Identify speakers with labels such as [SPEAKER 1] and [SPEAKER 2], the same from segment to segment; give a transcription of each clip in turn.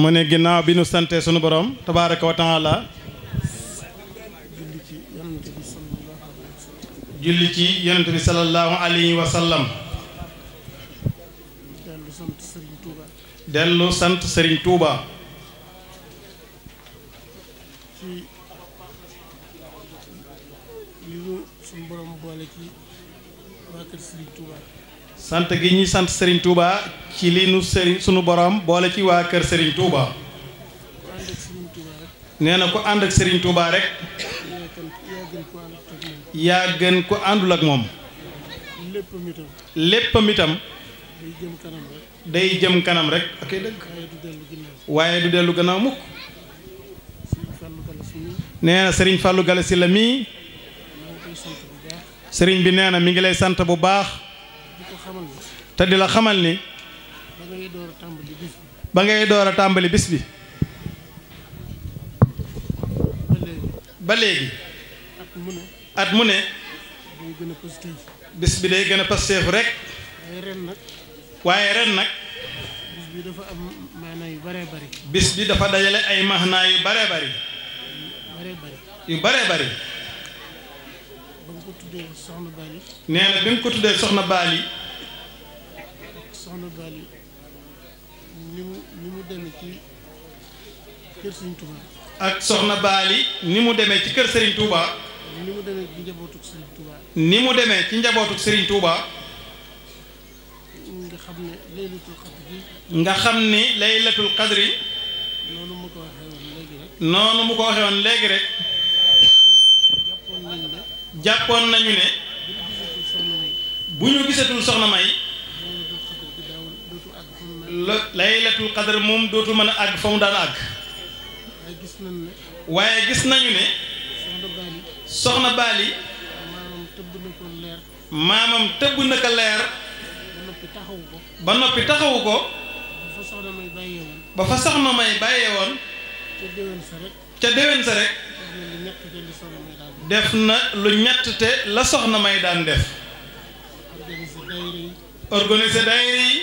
[SPEAKER 1] mu ne ginnaaw bi nu sante sunu borom tabaaraka wa taala julli ci yonent bi sallallahu alayhi wa sallam dellu sant Serigne tuuba
[SPEAKER 2] ci li ñu
[SPEAKER 1] sant gi ñuy sant Serigne Touba. ci li nu sëriñ sunu borom boole ci waa kër sëriñ Touba nee na ku ànd ak sëriñ Touba rek yaa gën ku àndul ak moom léppam itam day jëm kanam rek waaye du dellu gannaaw mukk nee sëriñ Fallou Gallassi la mii sëriñ bi nee na mi ngi lay sant bu baax te di la xamal ni ngay door a ba ngay door a tàmbali bis bi. ba léegi. at mu ne. at gën a positif. bi day gën a positif rek. waaye ren nag. waaye bis bi dafa
[SPEAKER 2] am maanaa yu baree bari.
[SPEAKER 1] bis bi dafa dajale ay maanaa yu baree bari. yu baree bari.
[SPEAKER 2] ba nga ko tuddee na bi soxna Baali. ni mu ni mu demee ci
[SPEAKER 1] ak Soxna Baali ni mu demee ci kër Serigne Touba.
[SPEAKER 2] ni mu demee ci njabootu Serigne Touba.
[SPEAKER 1] ni mu demee ci njabootu Serigne Touba. nga xam nga xam ni laylatul qadri.
[SPEAKER 2] noonu ko waxee noonu mu ko
[SPEAKER 1] waxee léegi rek. jàppoon nañu ne. bu ñu gisatul soxna May. bu ñu gisatul soxna May. la laylatul qadar moom dootul mën a àgg fa mu daan àgg waaye gis nañu ne
[SPEAKER 2] soxna Baali
[SPEAKER 1] maamam tëbb na ko leer ba noppi taxawu ko ba fa soxna may bàyyee woon ca déwén sa rek def na lu ñett te la soxna may daan def
[SPEAKER 2] organiser daayira yi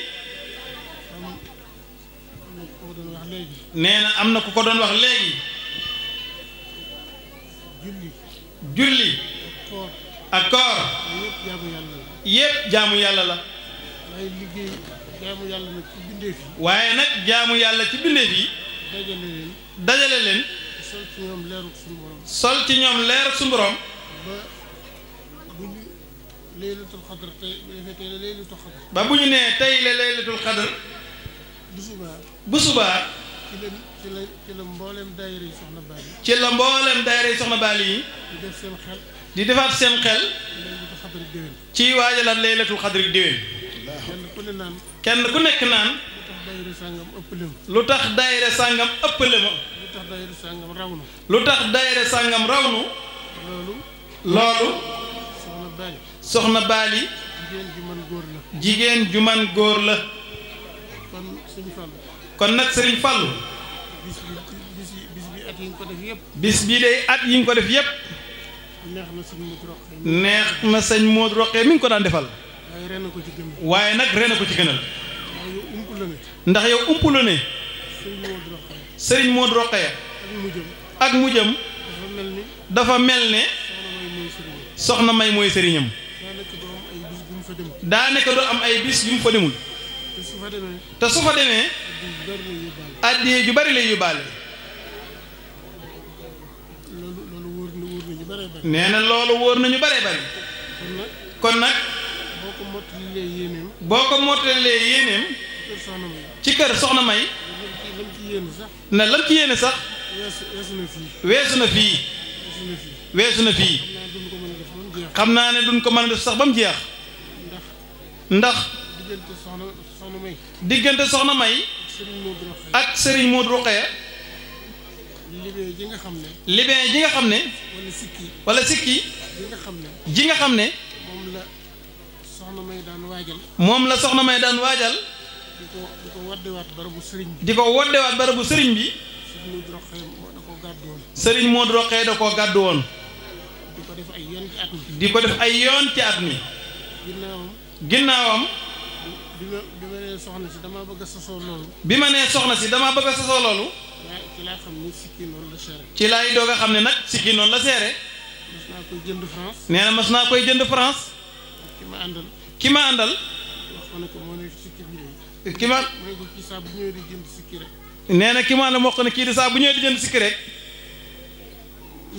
[SPEAKER 2] nee na am na ku ko doon wax léegi
[SPEAKER 1] julli ak koor yépp jaamu yàlla la waaye nag waaye nag jaamu yàlla ci bindeef yi dajale leen dajale sol ci ñoom leeru suñu borom ba bu ñu nee tey la laylatul xadar
[SPEAKER 2] bu subaa ci la ci la mboolem daayira soxna Baali yi. di def seen xel.
[SPEAKER 1] di defaat seen xel. ci waajalaat laylatul xadri déwén. kenn ku kenn ku nekk naan. lu tax daayira sàngam ëppale ma.
[SPEAKER 2] lu tax daayira sàngam raw na.
[SPEAKER 1] lu tax daayira loolu. soxna Baali. jigéen ju góor la. kon nag Serigne Fallou.
[SPEAKER 2] bis bi bis at yi nga ko def yëpp.
[SPEAKER 1] bis bii day at yi ko def yëpp.
[SPEAKER 2] neex na sëñ Modou Roqe.
[SPEAKER 1] neex na sëñ Modou Roqe ngi ko daan defal. waaye ren ko ci gënal. waaye nag ren ko ci gënal. ndax yow ump la ne. sëriñ Modou Roqe ya ak mu jëm. dafa mel ne. soxna May mooy sëriñam. daa nekk doo am ay bis yu mu fa demul.
[SPEAKER 2] te su demee
[SPEAKER 1] te su demee addiye ju bari lay yóbbaale nee na loolu wóor nañu bare bari kon nag boo ko mottalee yéeneem ci kër soxna may na lam ci yéene sax weesu na fii weesu na fii xam naa ne duñ ko mën def sax ba mu jeex ndax
[SPEAKER 2] diggante
[SPEAKER 1] diggante soxna May ak Serigne Modou Rokhaya
[SPEAKER 2] libee ji nga xam ne
[SPEAKER 1] libee ji nga xam ne wala wala sikki
[SPEAKER 2] ji xam ne ji nga xam ne moom May daan waajal
[SPEAKER 1] moom la soxna May daan waajal
[SPEAKER 2] di ko di ko waddewaat barabu sëriñ
[SPEAKER 1] bi di ko waddewaat sëriñ bi sëriñ da koo gàdd woon
[SPEAKER 2] di ko def ay yoon ci at mi
[SPEAKER 1] def ay yoon ci at mi ginnaawam
[SPEAKER 2] bi ma nee soxna si damaa bëgg a sosoo loolu. bi ma nee soxna si dama bëgg a sosoo loolu. ci laa xam ne sikki
[SPEAKER 1] la seere. xam ne nag sikki noonu la seere. mas
[SPEAKER 2] naa koy jënd France.
[SPEAKER 1] nee mas naa koy jënd France. ki ma àndal. ki ma àndal. ki ma.
[SPEAKER 2] mu kii
[SPEAKER 1] nee na ki ma moo ko ne kii di saa bu ñëwee di jënd sikki rek.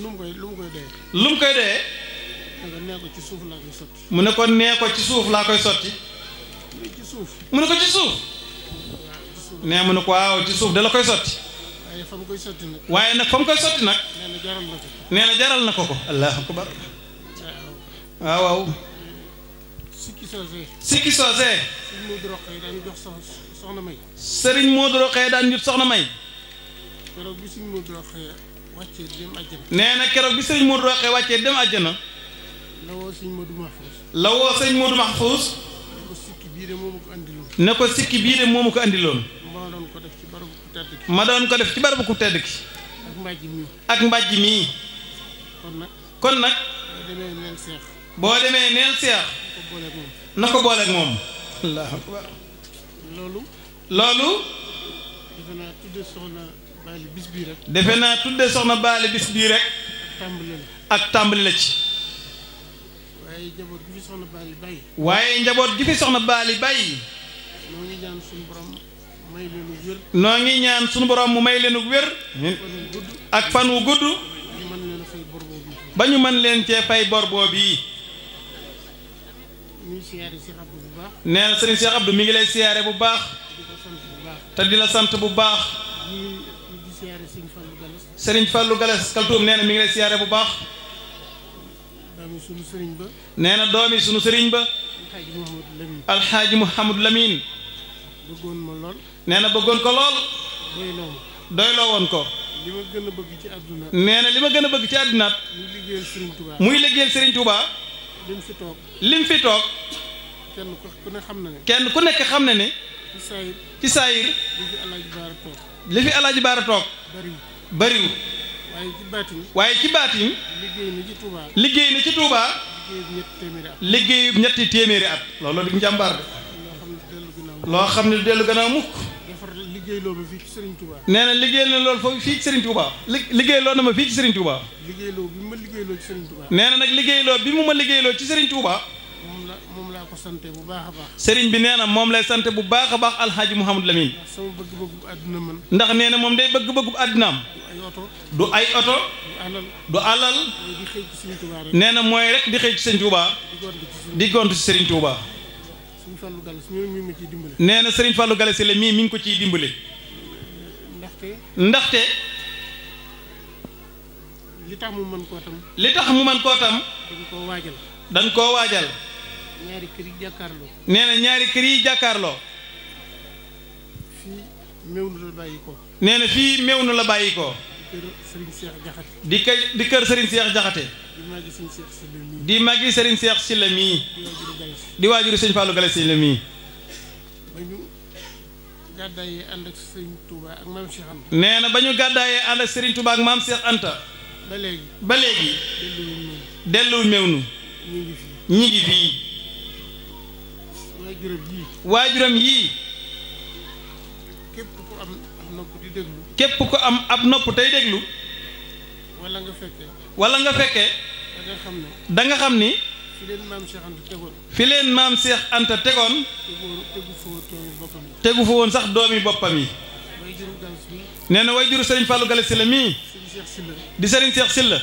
[SPEAKER 1] lu mu koy lu lu mu koy dee.
[SPEAKER 2] ko nee ko ci suuf laa
[SPEAKER 1] mu ne ko nee ko ci suuf laa koy sotti. mu ne ko ci suuf nee mu ne ko waaw ci suuf la koy sotti
[SPEAKER 2] waaye nag fa mu koy sotti nag
[SPEAKER 1] nee na jaral na ko ko allahu akbar waaw waaw sikki soosee
[SPEAKER 2] sikki soosee
[SPEAKER 1] sëriñ Modou Rokhaya daan jot soxna may nee na keroog bi sëriñ Modou Rokhaya wàccee dem àjjana la woo sëriñ Modou Mahfouz
[SPEAKER 2] ne ko sikki bii
[SPEAKER 1] de moomu ko andiloon.
[SPEAKER 2] ma doon ko def ci barabu ku tedd ki.
[SPEAKER 1] ma doon ko def ci barabu ku tedd ki. ak mbàjj mii. ak mbàjj mii.
[SPEAKER 2] kon nag. kon boo demee neel seex. boo demee neel seex.
[SPEAKER 1] ko booleeg moom. allahu loolu. loolu.
[SPEAKER 2] defe naa bis bii rek. defe naa tudde soxna baali bis bii
[SPEAKER 1] rek. ak tàmbali la ci.
[SPEAKER 2] waaye njaboot gi fi soxna Baali bàyyi.
[SPEAKER 1] waaye njaboot gi fi soxna Baali bàyyi.
[SPEAKER 2] noo ngi ñaan sunu borom may leen wu
[SPEAKER 1] noo ngi ñaan sunu borom mu may leen wér. ak fan wu gudd. ba ñu mën leen cee fay bor boobu yi. nee na sëriñ Cheikh Abdou mi ngi lay siyaare bu baax. te di sant bu baax. sëriñ Fallou Galass Kaltoum nee na ngi lay siyaare bu baax. nee na doomi sunu sëriñ ba alxaaji Mouhamadou Lamine
[SPEAKER 2] bëggoon ma lool
[SPEAKER 1] nee na bëggoon ko lool doyloo woon ko
[SPEAKER 2] li gën bëgg ci àdduna nee na li ma
[SPEAKER 1] gën a bëgg ci àddunaat
[SPEAKER 2] muy liggéeyal sëriñ Touba muy liggéeyal sëriñ Touba lim fi toog
[SPEAKER 1] lim fi toog
[SPEAKER 2] kenn ku xam na
[SPEAKER 1] kenn ku nekk xam na ne ci saayir ci saayir li fi alaaji baara toog li fi
[SPEAKER 2] waaye ci baatin. waaye ci baatin. liggéey na ci Touba. liggéey
[SPEAKER 1] na ci Touba. liggéeyub ñetti téeméeri at. loolu di njàmbaar de. loo xam ne dellu gannaaw mukk.
[SPEAKER 2] liggéey loo ma fii ci Serigne Touba.
[SPEAKER 1] nee na liggéey na loolu foofu fii ci Serigne Touba. liggéey loo na ma fii ci Serigne Touba.
[SPEAKER 2] liggéey loo ma liggéey loo ci nee na
[SPEAKER 1] nag liggéey loo bi mu ma liggéey loo ci Serigne Touba.
[SPEAKER 2] moom la ko sante bu baax
[SPEAKER 1] a bi nee na moom lay sante bu baax a baax Alxaaji Mouhamadou Lamine.
[SPEAKER 2] ndax sama àdduna man.
[SPEAKER 1] ndax nee na moom day bëgg-bëggu àddinaam du ay oto
[SPEAKER 2] du alal nee na mooy rek
[SPEAKER 1] di xëy ci sëñ Touba di gont ci sëriñ Touba nee na sëriñ Fallou Galasse la mii mi ngi ko ciy dimbale ndaxte
[SPEAKER 2] li tax mu mën koo tam li tax mu man koo tam
[SPEAKER 1] dañ koo waajal dañ koo waajal
[SPEAKER 2] ñaari kër yi jàkkaarloo
[SPEAKER 1] nee na ñaari kër yi jàkkaarloo
[SPEAKER 2] fii meew nu la bàyyi
[SPEAKER 1] nee na fii meew nu la bàyyi
[SPEAKER 2] kër Serigne Cheikh Diakhaté.
[SPEAKER 1] di kë di kër Serigne Cheikh Diakhaté. di magi Serigne Cheikh Sylla mii. di magi Serigne Cheikh Sylla mii. di waajuru Serigne Fallou Galasse Sylla mii.
[SPEAKER 2] ba ñu gàddaayee ànd ak Serigne Touba ak maam Cheikh Anta.
[SPEAKER 1] nee na ba ñu gàddaayee ànd ak Serigne Touba ak maam Cheikh Anta. ba léegi ba léegi. nu. ñi ngi waajuram yii. képp ko am ab nopp tey déglu.
[SPEAKER 2] wala nga fekkee.
[SPEAKER 1] wala nga fekkee. da nga xam ni.
[SPEAKER 2] fi leen maam seex Anta tegoon.
[SPEAKER 1] fi leen maam Cheikh Anta tegoon. tegu fa woon sax doomi boppam yi. nee na way juru Serigne Fallou Gale Sylla mii. di Serigne Cheikh Sylla.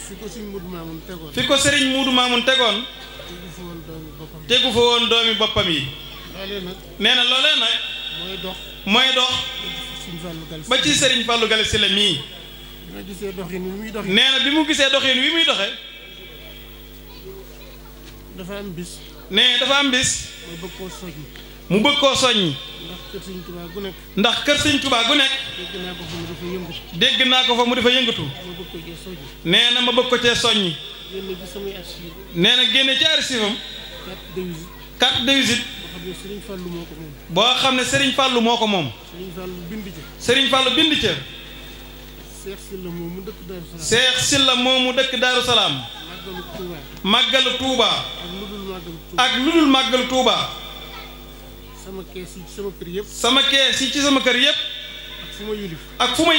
[SPEAKER 2] fi ko Serigne Moudou Mamoun tegoon. fi ko Serigne
[SPEAKER 1] Moudou Mamoun tegoon. tegu fa woon doomi yi. nag. mooy dox mooy dox ba ci sëriñ Fallou Gale yi la mii nee na bi mu gisee doxin wi muy doxe
[SPEAKER 2] dafa am bis
[SPEAKER 1] nee dafa am bis mu bëgg koo soññ ndax kër sëñ Tuubaa gu nekk dégg naa ko fa mu dafa yëngatu nee na ma bëgg ko cee soññ nee na génne ci archivam carte de visite boo xam ne Serigne Fallou moo ko moom.
[SPEAKER 2] Serigne Fallou bind ca.
[SPEAKER 1] Serigne Fallou bind ca.
[SPEAKER 2] Seex Silla moomu dëkk Daaru Salaam. Seex
[SPEAKER 1] Silla moomu dëkk Daaru Salaam. màggalu Touba. màggalu Touba. ak lu dul màggalu Touba.
[SPEAKER 2] sama kees sama kër yëpp. sama kees yi ci
[SPEAKER 1] sama kër yëpp. ak fu ma yilif. ak fu ma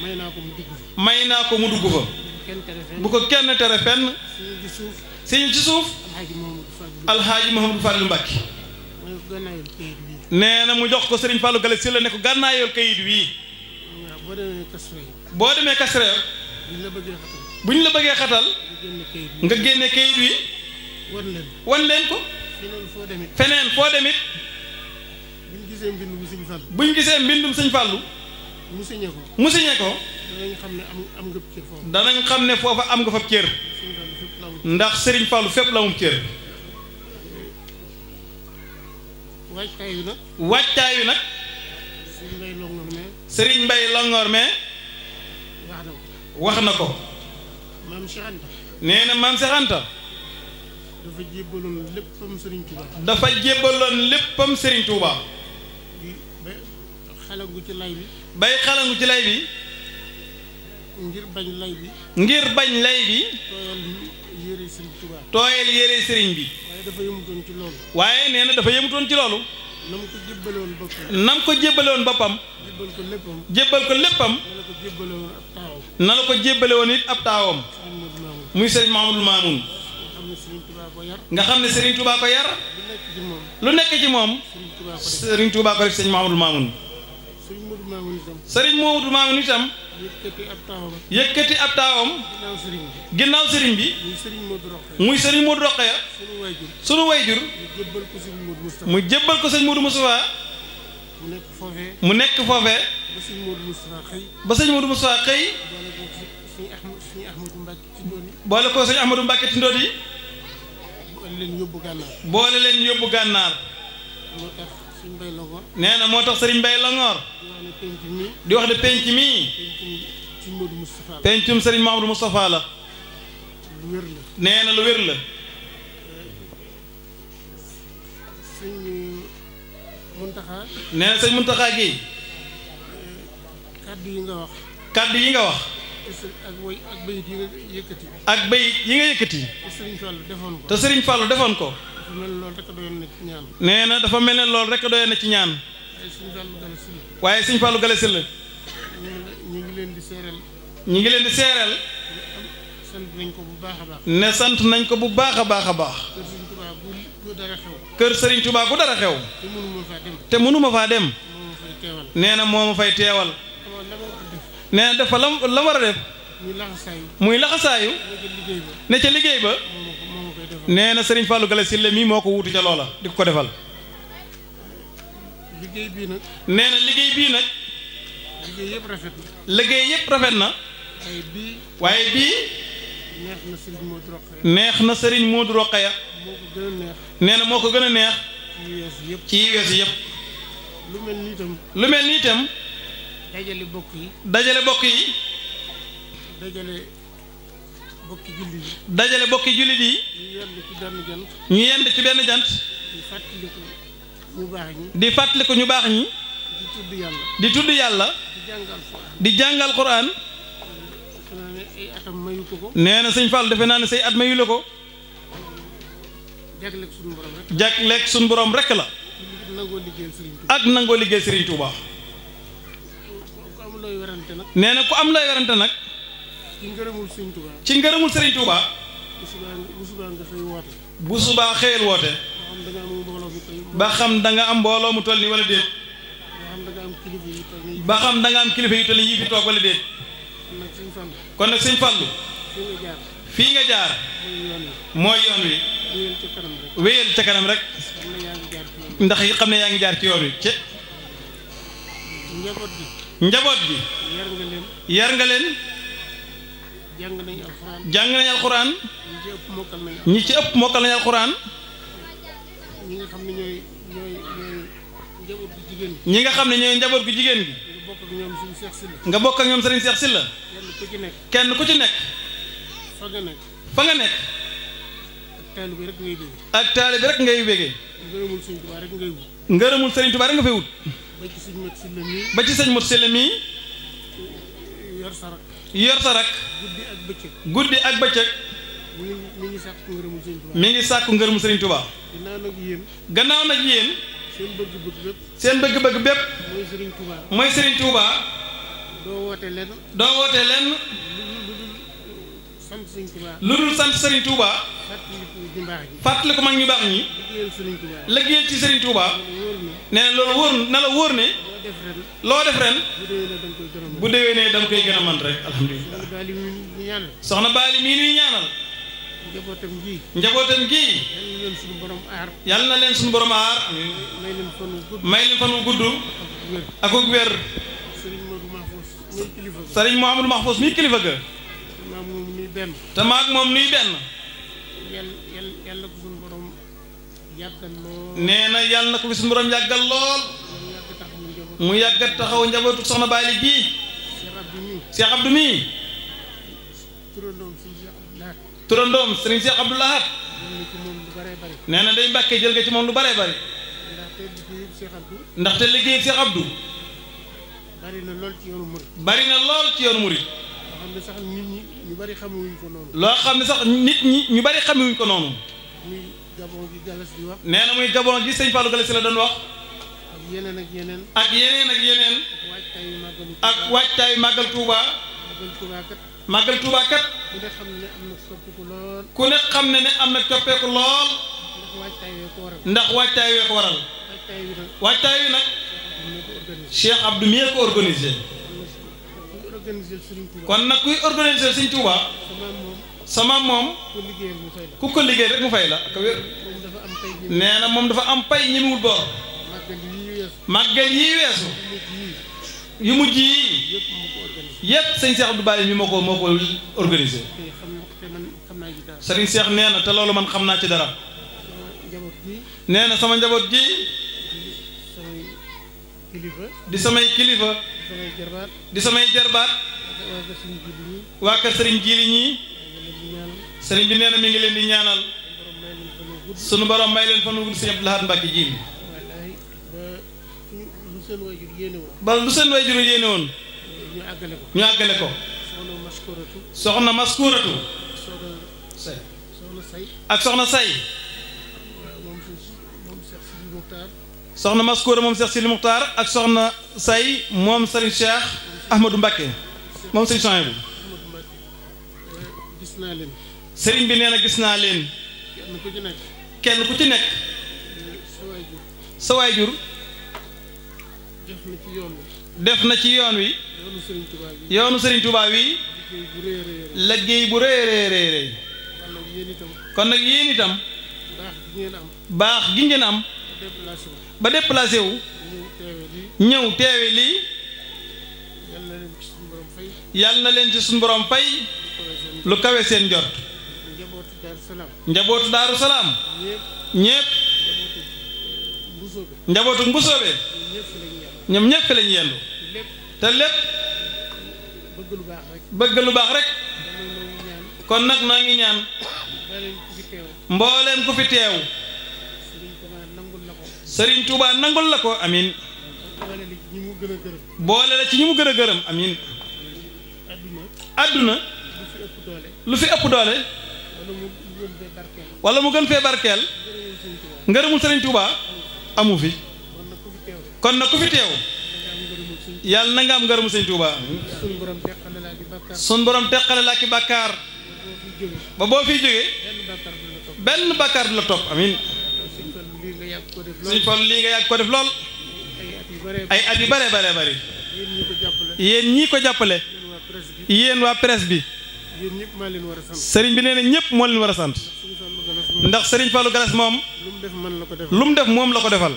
[SPEAKER 2] may naa ko mu dugg
[SPEAKER 1] fa. naa ko mu dugg bu ko kenn tere fenn.
[SPEAKER 2] suñu ci suuf. alxaaji Mouhamadou
[SPEAKER 1] Fadilou Mbacke. nee na mu jox ko Serigne Fallou Galass Syll la ne ko gànnaayool kayit wii.
[SPEAKER 2] boo demee Kasre.
[SPEAKER 1] boo demee Kasre. buñ la bëggee xatal. buñ nga génne kayit wi. wan leen ko leen ko.
[SPEAKER 2] feneen foo demit
[SPEAKER 1] feneen foo demit.
[SPEAKER 2] buñ gisee mbindum Sëñ Fallou.
[SPEAKER 1] buñ gisee mbindum Sëñ Fallou. mu signé ko. mu ko.
[SPEAKER 2] xam ne am am nga cër foofu.
[SPEAKER 1] danañ xam am nga fa cër. ndax Serigne Fallou fépp la amum cër. waajtaayu nag. waajtaayu nag.
[SPEAKER 2] Serigne mbay Longor mais.
[SPEAKER 1] Serigne Mbaye Longor mais. wax na ko. wax na ko. maam Cheikh Anta. dafa jébbaloon léppam Serigne Touba.
[SPEAKER 2] ci lay
[SPEAKER 1] bay xalangu ci lay bi.
[SPEAKER 2] ngir bañ lay bi.
[SPEAKER 1] ngir bañ lay
[SPEAKER 2] bi. yére sëriñ Touba. tooyal sëriñ bi. waaye dafa yëmutoon ci
[SPEAKER 1] waaye nee na dafa yëmutoon ci loolu.
[SPEAKER 2] nam ko jébbaloon boppam. nam ko
[SPEAKER 1] jébbaloon boppam.
[SPEAKER 2] jébbal ko léppam. jébbal ko
[SPEAKER 1] na la ko jébbalewoon it ab taawam. muy sëriñ Mamadou Mamoun.
[SPEAKER 2] nga xam ne sëriñ Touba ko yar.
[SPEAKER 1] lu nekk ci moom. sëriñ Touba ko def sëriñ Mamadou Mamoun.
[SPEAKER 2] sëriñ Mamadou Mamoun itam. yëkkati ab taawam. yëkkati
[SPEAKER 1] ginnaaw
[SPEAKER 2] sëriñ bi ginnaaw sëriñ bi. muy sëriñ Modou Rokhaya. muy sëriñ Modou Rokhaya. sunu mu jébbal ko sëriñ Modou Moustapha. mu mu
[SPEAKER 1] nekk foofee. mu ba sëriñ Modou Moustapha xëy.
[SPEAKER 2] ba xëy.
[SPEAKER 1] boole ko sëriñ Ahmadou Mbacke Tindoodi yi. boole leen yóbbu gànnaar. nee na moo tax sëriñ Mbay Longoor
[SPEAKER 2] di wax ne penc mii pencum sëriñ Mamadou
[SPEAKER 1] Moustapha la nee na lu wér la
[SPEAKER 2] euh, nee na sëñ yi nga wax
[SPEAKER 1] kàddu yi nga wax ak bayit yi nga yëkkati
[SPEAKER 2] te sëriñ Fallou defoon
[SPEAKER 1] ko nee na dafa mel ne loolu rek doyoon na ci ñaan. waaye sëñ gale Galasse la.
[SPEAKER 2] ñu ngi leen di seereel.
[SPEAKER 1] ñu ngi leen di seereel.
[SPEAKER 2] sant nañ ko bu baax a baax. ne
[SPEAKER 1] sant nañ ko bu baax a baax a baax. kër Serigne Touba gu dara xew. te mënuma faa dem. nee na moo ma fay teewal. nee na dafa lam la war a def. muy laxasaayu. ne ca liggéey ba. nee na sëriñ Fallou Galass Syll mii moo ko wuutu ca loola di ko defal. liggéey bii nag. nee liggéey bii nag. liggéey yëpp rafet na. liggéey yëpp rafet na. waaye bii. waaye neex na sëriñ moo ko gën a neex. nee na moo ko gën a neex. ci weesu yëpp ci weesu yëpp. lu mel nii itam. lu mel nii itam.
[SPEAKER 2] dajale bokk yi.
[SPEAKER 1] dajale bokk yi. bokki jullit yi dajale bokki jullit yi ñu yend ci benn jant ñu yend ci di fàttaliku ñu baax ñi di di tudd yàlla di di jàngal quraan nee na sëñ Fall defe naa ne say at mayu la ko jagleeg suñu borom rek la ak nangoo liggéey Serigne Touba
[SPEAKER 2] ku am looy werante nag ci ngërëmul sëriñ Touba.
[SPEAKER 1] ci ngërëmul sëriñ
[SPEAKER 2] bu subaa nga xëy woote. bu
[SPEAKER 1] ba xam da nga am mbooloo mu toll nii wala déet. ba xam da am kilifa yu toll nii yi fi toog wala déet. kon nag sëñ Fallu. fii nga jaar. mooy yoon wi. wéyal ca kanam rek. ndax yi xam ne yaa ngi jaar ci yoon wi ci.
[SPEAKER 2] njaboot bi.
[SPEAKER 1] njaboot yar nga leen.
[SPEAKER 2] jàng nañu alxuraan jàng nañu alxuraan
[SPEAKER 1] ñi ci ëpp mokkal nañu alxuraan
[SPEAKER 2] ñi nga xam ne ñooy ñooy ñooy njaboot gu jigéen gi nga xam ne
[SPEAKER 1] ñooy njaboot gu jigéen gi nga bokk ak ñoom sëriñ Seex Silla kenn ku ci nekk kenn ku ci nekk fa nga nekk fa nga nekk ak taali bi rek ngay bëgg ngay bëggee
[SPEAKER 2] ngërëmul sëriñ Tuubaa rek nga fay wut ba ci sëñ Mat Silla mii
[SPEAKER 1] ba ci sëñ Mat Silla mii sa yor sa rakk
[SPEAKER 2] guddi ak bëccëg
[SPEAKER 1] guddi ak bëccëg
[SPEAKER 2] mi ngi sàkku ngërëmu sëriñ Tuubaa mi ngi
[SPEAKER 1] sàkku ngërëmu sëriñ Tuubaa gannaaw nag yéen gannaaw nag yéen seen bëgg-bëgg bépp seen bëgg-bëgg bépp
[SPEAKER 2] mooy sëriñ Tuubaa
[SPEAKER 1] mooy sëriñ Tuubaa
[SPEAKER 2] doo woote lenn
[SPEAKER 1] woote lenn
[SPEAKER 2] sant sëriñ Touba lu
[SPEAKER 1] dul sant sëriñ Touba fàttali ko mag ñu baax ñi
[SPEAKER 2] liggéeyal ci sëriñ Touba
[SPEAKER 1] nee loolu wóor na la wóor ne loo def ren bu déwénee da nga koy gën a man rek alhamdulilah soxna baali mii nuy ñaanal njabootam gii
[SPEAKER 2] yal na leen suñu borom aar
[SPEAKER 1] yal na leen suñu borom aar may
[SPEAKER 2] leen fan wu gudd may leen fan wu gudd ak ak wér kilifa
[SPEAKER 1] ga te maag moom nuy benn nee na yal na ko suñu borom yàggal lool mu yàgg taxaw njabootu soxna Baali gii Cheikh Abdou mi turandoom sëriñ Cheikh Abdou Lahad nee na day mbàkkee jël ga ci moom lu bare bari ndaxte liggéey Cheikh Abdou
[SPEAKER 2] bari na lool ci yoonu murid
[SPEAKER 1] bari na lool ci yoonu murid
[SPEAKER 2] loo xam ne sax nit ñi ñu bari xamewuñ ko noonu loo
[SPEAKER 1] xam ne sax nit ñi ñu bari xamewuñ ko noonu
[SPEAKER 2] nee
[SPEAKER 1] na muy gabon gi sëñ Fallou Gallas la doon wax yeneen ak yeneen. ak yeneen ak yeneen. ak waajtaayu màggal Touba.
[SPEAKER 2] màggal Touba kat. màggal Touba kat.
[SPEAKER 1] ku ne xam ne ne am na soppeeku lool.
[SPEAKER 2] ndax waajtaay wee ko waral.
[SPEAKER 1] ndax waajtaay wee ko waral. waajtaay wi nag. Cheikh Abdou mi ko organisé. kon nag kuy organisé Sëñ Touba. sama moom ku ko liggéey rek mu fay la ak wér nee na moom dafa am pay ñi mu wul màggal yii weesu yu mujj yii yépp sëñ Cheikh Abdou Bali mi moo ko moo ko organisé sëriñ Cheikh nee na te loolu man xam naa ci dara nee na sama njaboot gi di samay kilifa di samay jarbaat waa kër sëriñ Jili ñii sëriñ bi nee na mi ngi leen di ñaanal sunu borom may leen fa nu wul sëñ Abdou Lahad Mbacke ji
[SPEAKER 2] lu seen waajur yéene woon. ba lu seen
[SPEAKER 1] waajur yéene woon.
[SPEAKER 2] ñu àggale ko
[SPEAKER 1] ñu ko. soxna maskuratu. soxna maskuratu. soxna say. ak soxna say. soxna Maskoura moom Cheikh Sidi Muxtaar ak soxna say moom Serigne Cheikh Ahmadou Mbacke moom Serigne eh, gis naa leen. bi nee na gis naa leen. kenn ku ci nekk. kenn ku
[SPEAKER 2] def na ci yoon wi.
[SPEAKER 1] def na ci yoon wi.
[SPEAKER 2] yoonu Serigne Touba wi. yoonu
[SPEAKER 1] Serigne bu rëy rëy kon nag yéen itam. baax gi ngeen am.
[SPEAKER 2] ba déplacé wu.
[SPEAKER 1] ñëw teewe lii. yàlla na leen ci suñu borom fay. lu kawe seen jot. njabootu daaru salaam. ñépp njabootu mbusoobe ñoom ñëpp lañ yendu te lépp bëgg lu baax rek kon nag maa ngi ñaan mbooleem ku fi teew Sëriñ Tuubaa nangul la ko amin boole la ci ñi mu gën a gërëm amin àdduna lu fi ëpp doole wala mu gën fee barkeel ngërëmul Sëriñ Tuubaa amu fi kon na ku fi teew yàlla na nga am ngërëmu sëñ Tuuba sun borom teqale laa ki bàkkaar ba boo fi jógee benn bàkkaar du la topp amin sëñ Fallu lii nga yàgg ko def lool
[SPEAKER 2] ay at yu bare bare bëri yéen
[SPEAKER 1] ñii ko jàppale yéen waa presse bi sëriñ bi nee na ñëpp moo leen war a sant ndax sëriñ Fallu Galas moom
[SPEAKER 2] lu mu def moom la ko defal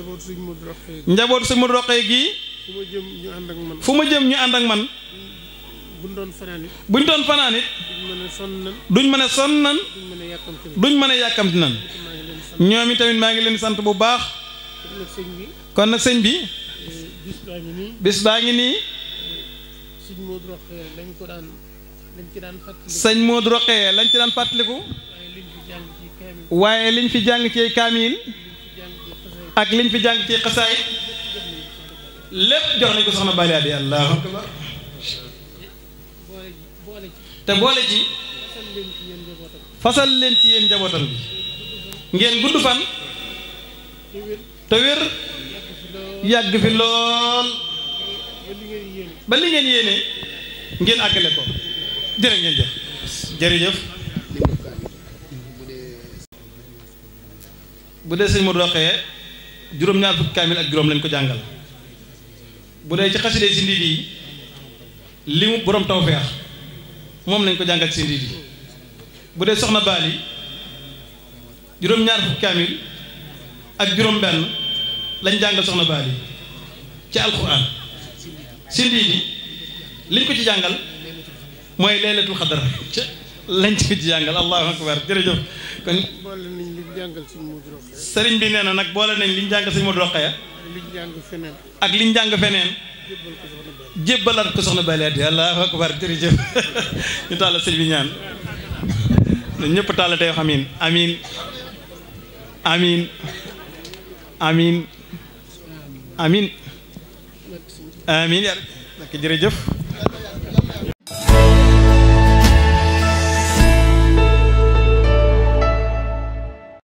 [SPEAKER 2] njabootu sëñ Modou Rokhaya gi njabootu sëñ Modou Rokhaya gi fu ma jëm ñu ànd ak man fu ma
[SPEAKER 1] jëm ñu ak man
[SPEAKER 2] buñ doon fanaan
[SPEAKER 1] buñ doon fanaan it
[SPEAKER 2] duñ mën a sonn nan duñ
[SPEAKER 1] mën a yàkkamti nan ñoom tamit maa ngi leen sant bu baax kon nag sëñ bi eh, bis baa ngi nii eh,
[SPEAKER 2] sëñ Modou Rokhaya lañ ko daan lañ ci daan fàttaliku
[SPEAKER 1] lañ ci daan fàttaliku waaye liñ fi jàng ci kaamil ak liñ fi jàng ci xasaay lépp jox nañ ko soxna Bally Adi allahu akbar te boole ci fasal leen ci yéen njabootam bi ngeen gudd fan te wér yàgg fi lool ba li ngeen yéene ngeen àggale ko jërë ngeen jëf jërëjëf bu dee sëñ mu doxee juróom-ñaar fukki kaamil ak juróom lañ ko jàngal bu dee ci xaside si ndiit yi li mu borom tawfeex moom lañ ko jàngal si ndiit yi bu dee soxna baali juróom-ñaar fukki kaamil ak juróom-benn lañ jàngal soxna baali ci alquran si ndiit yi liñ ko ci jàngal mooy leelatul xadar lañ ko ci jàngal allahu akbar jërëjëf kon sëriñ bi nee na nag boole nañ li ñu jàngal sëñ Modou Rokhaya ak li ñu jàng feneen jébbalaat ko soxna Bally Hady allahu akbar jërëjëf ñu tàllal sëriñ bi ñaan ñëpp tàllal tey wax amin amin amin amin amin amin jërëjëf